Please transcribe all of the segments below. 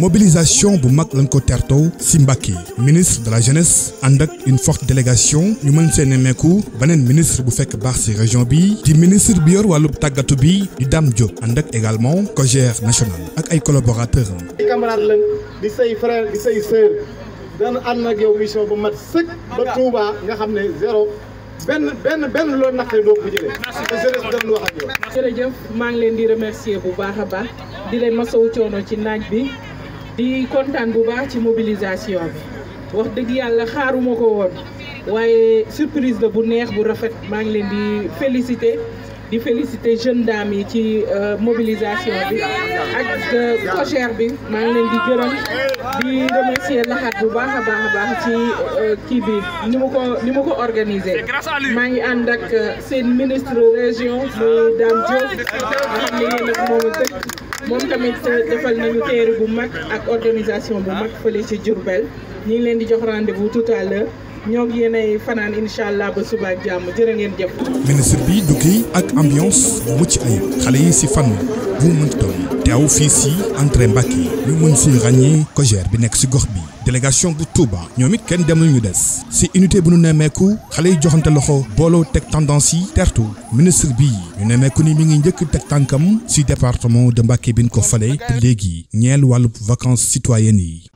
mobilisation bu mag lañ ko tertoo si Mbàkke ministre de la jeunesse ànd ak une forte délégation ñu mën see nemmeeku beneen ministre bu fekk baax si région bi di ministre bi yor wàllub tàggatu bi di Dame Diop ànd ak également COJER national ak ay collaborateurs am. di camarade lañ di say frère di yow mission bu mat nga xam ne zéro. benn benn benn loolu naqare doo ko maa ngi leen di remercier bu baax a baax di leen masawu coono ci naaj bi. di kontaan bu baax ci mobilisation bi wax dëgg yàlla xaaruma ko woon waaye surprise la bu neex bu rafet maa ngi leen di félicité di féliciter jeunes dames yi ci euh, mobilisation bi ak euh, cogère bi maa ngi leen di gërëm di remercier laxaat bu baax a baax a baax ci euh, kii bi ni mu ko ni mu ko organiser maa ngi ànd ak seen ministre région muy Dame Diop nga xam ne yéen ak moomu dëkk moom tamit defal nañu teeru bu mag ak organisation bu mag fële ci Diourbel ñu ngi leen di jox rendez-vous tout à ñoo fanaan incha allah ba suba ak jàmm jërë ministre bi duggee ak ambiance bu mucc ayib xale yi si fan bu mu mënti doon teew fii si entrée Mbacké ñu mën si ràññee cogère bi nekk si gox bi. délégation bu Touba ñoom it kenn demul ñu des si unité bu ñu nemmeeku xale yi joxante loxo booloo teg tendance yi tertu ministre bi ñu nemmeeku ni mi ngi njëkk teg tànkam si département de Mbacké bi ñu ko fale te léegi ñeel wàllu vacances citoyennes yi.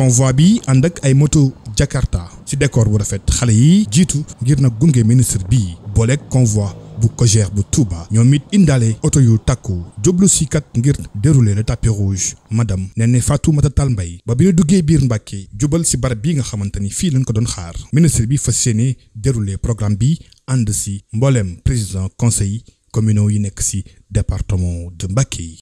convoi bi ànd ak ay moto Jakarta ci décor bu rafet xale yi jiitu ngir na gunge ministre bi booleeg convoi bu Kogère bu Touba ñoom it indaale oto yu takku jublu si kat ngir dérouler le tapis rouge madame Néné Fatoumata Tall mbay ba bi duggee biir Mbàkke jubal si barab bi nga xamante ni fii lañ ko doon xaar ministre bi fas yéene dérouler programme bi ànd si mbooleem président conseil communaux yi nekk si département de Mbàkke yi